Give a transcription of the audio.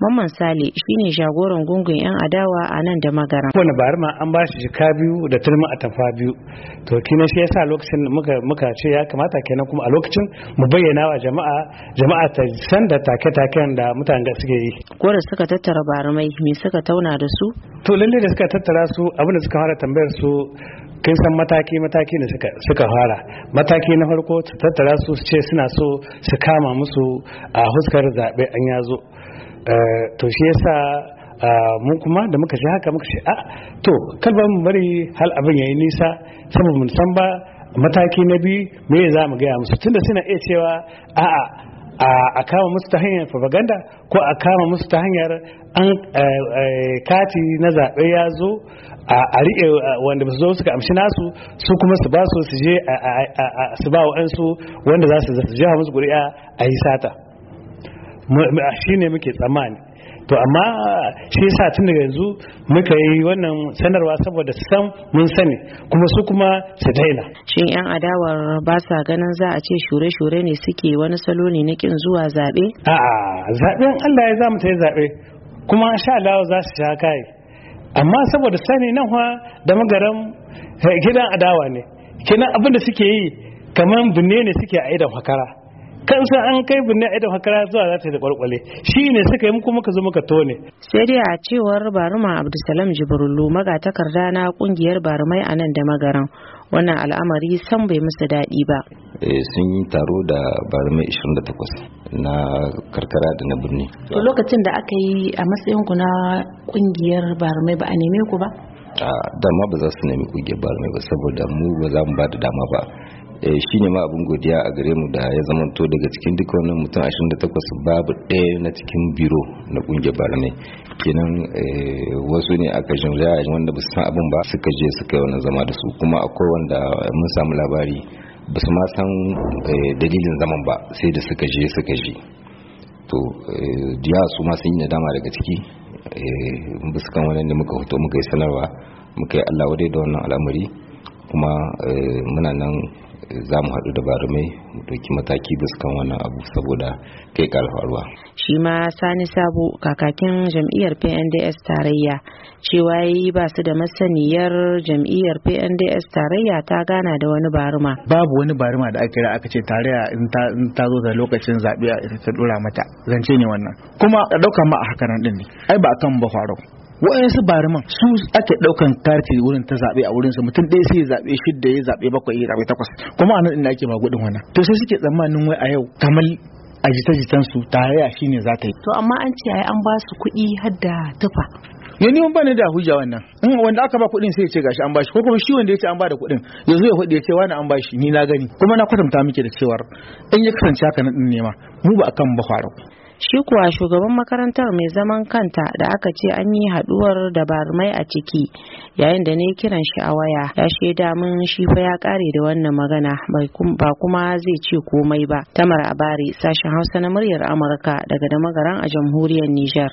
Mamman Sale shine jagoran gungun 'yan adawa a nan da magara. Wani bari ma an ba shi jika biyu da turmi a tafa biyu. To kina shi yasa lokacin muka muka ce ya kamata kenan kuma a lokacin mu bayyana wa jama'a jama'a ta san da take-taken da mutane da suke yi. Kore suka tattara barumai me suka tauna da su? To lalle da suka tattara su abin da suka fara tambayar su kin san mataki mataki ne suka suka fara mataki na farko su tattara su su ce suna so su kama musu a huskar zaɓe an yazo Eh, to shi yasa ah, mu kuma da muka shi haka muka ce a ah, to kalba mu bari hal abin yayi nisa saboda mun san ba mataki na biyu me za mu gaya musu tunda suna iya cewa a'a a kama musu ta hanyar propaganda ko a kama musu ta hanyar an eh, eh, kati na zaɓe ya zo a riƙe wanda ba su zo suka amshi nasu su kuma su ba su su je su ba wa'ansu wanda za su jiha musu ƙuri'a a yi sata shi ne muke tsammani to amma shi yasa tun da yanzu muka yi wannan sanarwa saboda san mun sani kuma su kuma su daina shin yan adawar ba sa ganin za a ce shure-shure ne suke wani salo ne na kin zuwa zaɓe? a'a zaɓen allah ya za mu ta yi zaɓe kuma sha Allah za su sha kai amma saboda sani nan fa da magaran eh, gidan adawa ne kenan abin da suke yi kamar binne ne suke a idan fakara kansa an kai binne a idan hakara zuwa za ta yi da kwalkwale shi ne suka yi muku muka zo muka tone. sai dai a cewar baruma abdulsalam jibrulu magatakarda na kungiyar barumai a nan da magaran wannan al'amari san bai musu daɗi ba. Eh, sun yi taro da barumai 28 na karkara da na birni. lokacin da aka yi a matsayin ku na kungiyar barumai ba a neme ku ba? da ma ba za su nemi bar ne ba saboda mu ba za mu ba da dama ba eh, shi ne ma abin godiya a gare mu da ya zamanto daga cikin duka wannan mutum 28 babu ɗaya na cikin biro na kungiyar barme kenan eh, wasu ne aka jinjaya wanda ba su san abin ba suka je suka yi wannan zama da su kuma akwai wanda mun samu labari ba su ma san eh, dalilin zaman ba sai da suka je suka je to diya su ma sun yi dama daga ciki Eh, bisa kan wannan da muka fito muka yi sanarwa muka yi Allah wadai da wannan al'amari kuma eh, muna nan eh, za mu haɗu da barumai mu ɗauki mataki biskan wannan abu saboda kai ƙara faruwa. shi ma sani sabo kakakin jam'iyyar pnds tarayya cewa ya yi ba su da masaniyar jam'iyyar pnds tarayya ta gana da wani baruma. babu wani baruma da aka da aka ce tarayya in ta zo da lokacin zaɓe eh, ta dora mata zance ne wannan kuma a ɗauka ma a hakanan ɗin ne ai ba a kan ba faru wa'ansu bariman su ake daukan karti wurin ta zabe a wurin su mutum ɗaya sai ya zabe shidda ya zabe bakwai ya zabe takwas kuma anan ina ake magudin wannan to sai suke tsammanin wai a yau kamar a jita-jitan su tarayya shine za ta yi to amma an ce ai an ba su kuɗi har da tufa ya ni ban da hujja wannan in wanda aka ba kuɗin sai ya ce gashi an bashi ko kuma shi wanda ya ce an ba da kuɗin yanzu ya faɗi ya ce wani an bashi ni na gani kuma na kwatanta miki da cewar in ya kasance haka na din nema mu ba akan ba faru. shi kuwa shugaban makarantar mai zaman kanta da aka ce an yi haduwar dabarmai a ciki yayin da ne kiran shi a waya ya shaida min shi fa ya kare da wannan magana ba kuma zai ce komai ba tamar abari sashen hausa na muryar amurka daga damagaran a jamhuriyar Nijar.